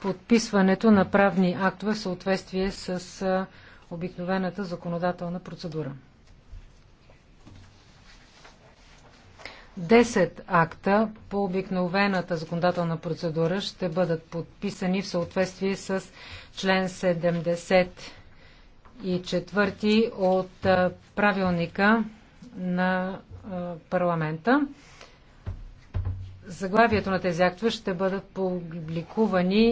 подписването на правни актове в съответствие с обикновената законодателна процедура. 10 акта по обикновената законодателна процедура ще бъдат подписани в съответствие с член 70 и от правилника на парламента. Заглавието на тези актове ще бъдат публикувани